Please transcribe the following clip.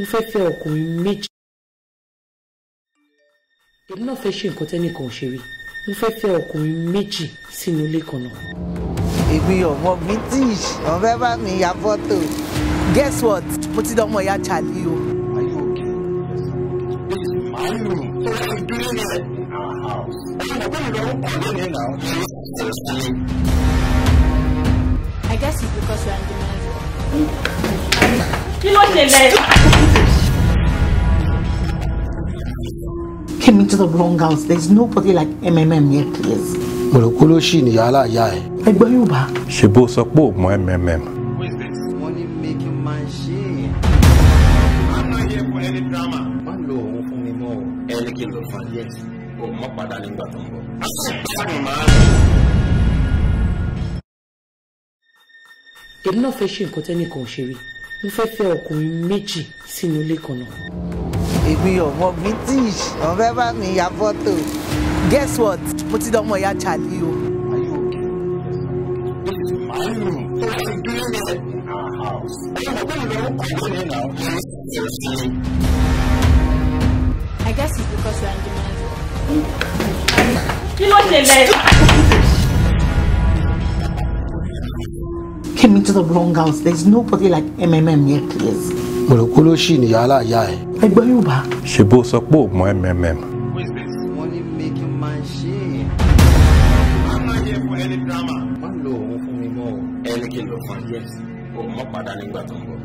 mo fẹ́ fẹ́ ọkùnrin méjì èmi náà fẹ́ ṣe nǹkan tẹ́nìkan ṣe rí mo fẹ́ fẹ́ ọkùnrin méjì sínú ilé kan náà. èmi ọmọ british wọn fẹ́ bá mi ya fọ́tò guess what mo ti dánmọ ya Charlie o. I guess it's because you in the middle. Kí ló ṣẹlẹ̀? came into the wrong house there is nobody like mmm here please. mo rò ni yala ṣì ní yàrá ìyá ẹ. ẹgbẹ́ yorùbá. ṣe bó sọ pé ò mọ mmm. wọ́n ní I'm not here for any drama. má lo òun fún mi mọ́ ẹni kí o mọ padà nígbà tó ń bọ̀. èmi náà fẹ́ ṣe nǹkan tẹ́nìkan ò ṣe rí mo fẹ́ fẹ́ ọkùnrin méjì sínú ilé kan náà èmi ọmọ british wọn fẹ́ bá mi ya fọ́tò guess what mo ti dọ́mọ ìyá Charlie o. I guess it's because you in the middle. Kí ló ṣe Came into the wrong house. There's nobody like MMM here, please pèrò ló ṣì níyà aláàyà ẹ̀. ẹ gbọ́ yorùbá. ṣe bó sọ pé ò mọ mmm. money I'm not here for any drama. o. ẹni kìlọ̀ fún yẹ́sì. o mọ̀ padà nígbà tó ń bọ̀.